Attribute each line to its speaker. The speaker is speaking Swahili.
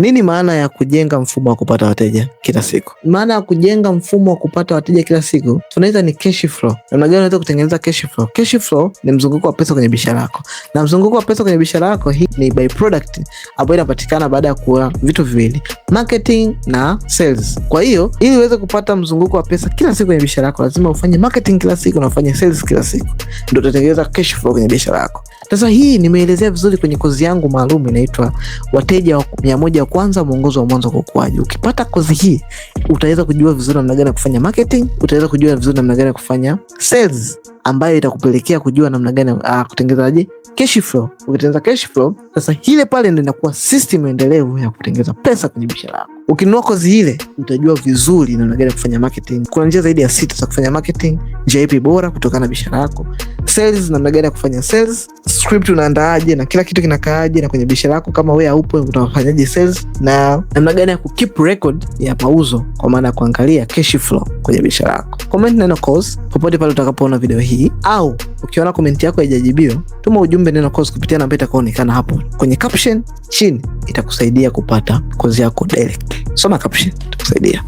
Speaker 1: Nini maana ya kujenga mfumo wa kupata wateja kila siku?
Speaker 2: Maana ya kujenga mfumo wa kupata wateja kila siku tunaita ni cash flow. Namna gani unaweza kutengeneza cash flow? Cash flow ni mzunguko wa pesa kwenye biashara yako, na mzunguko wa pesa kwenye biashara yako hii ni by product ambayo inapatikana baada ya kuwa vitu viwili, marketing na sales. Kwa hiyo ili uweze kupata mzunguko wa pesa kila siku kwenye biashara yako lazima ufanye marketing kila siku na ufanye sales kila siku, ndio utatengeneza cash flow kwenye biashara yako. Sasa hii nimeelezea vizuri kwenye kozi yangu maalum inaitwa wateja wa mia moja wa kwanza, mwongozo wa mwanzo kwa ukuaji. Ukipata kozi hii utaweza kujua vizuri namna gani ya kufanya marketing, utaweza kujua vizuri namna gani ya kufanya sales ambayo itakupelekea kujua namna gani ah, kutengenezaje cash flow. Ukitengeneza cash flow, sasa hile pale ndo inakuwa system endelevu ya kutengeneza pesa kwenye biashara yako. Ukinunua kozi ile utajua vizuri namna gani ya kufanya marketing. Kuna njia zaidi ya sita za kufanya marketing. Njia ipi bora kutokana na biashara yako? Sales, namna gani ya kufanya sales, script unaandaaje na kila kitu kinakaaje, na kwenye biashara yako kama wewe haupo utafanyaje sales, na namna gani ya ku keep record ya mauzo, kwa maana ya kuangalia cash flow kwenye biashara yako. Comment neno course popote pale utakapoona video hii, au ukiona comment yako haijajibiwa, tuma ujumbe neno course kupitia namba itakayoonekana hapo kwenye caption chini, itakusaidia kupata kozi yako direct soma caption, tukusaidia.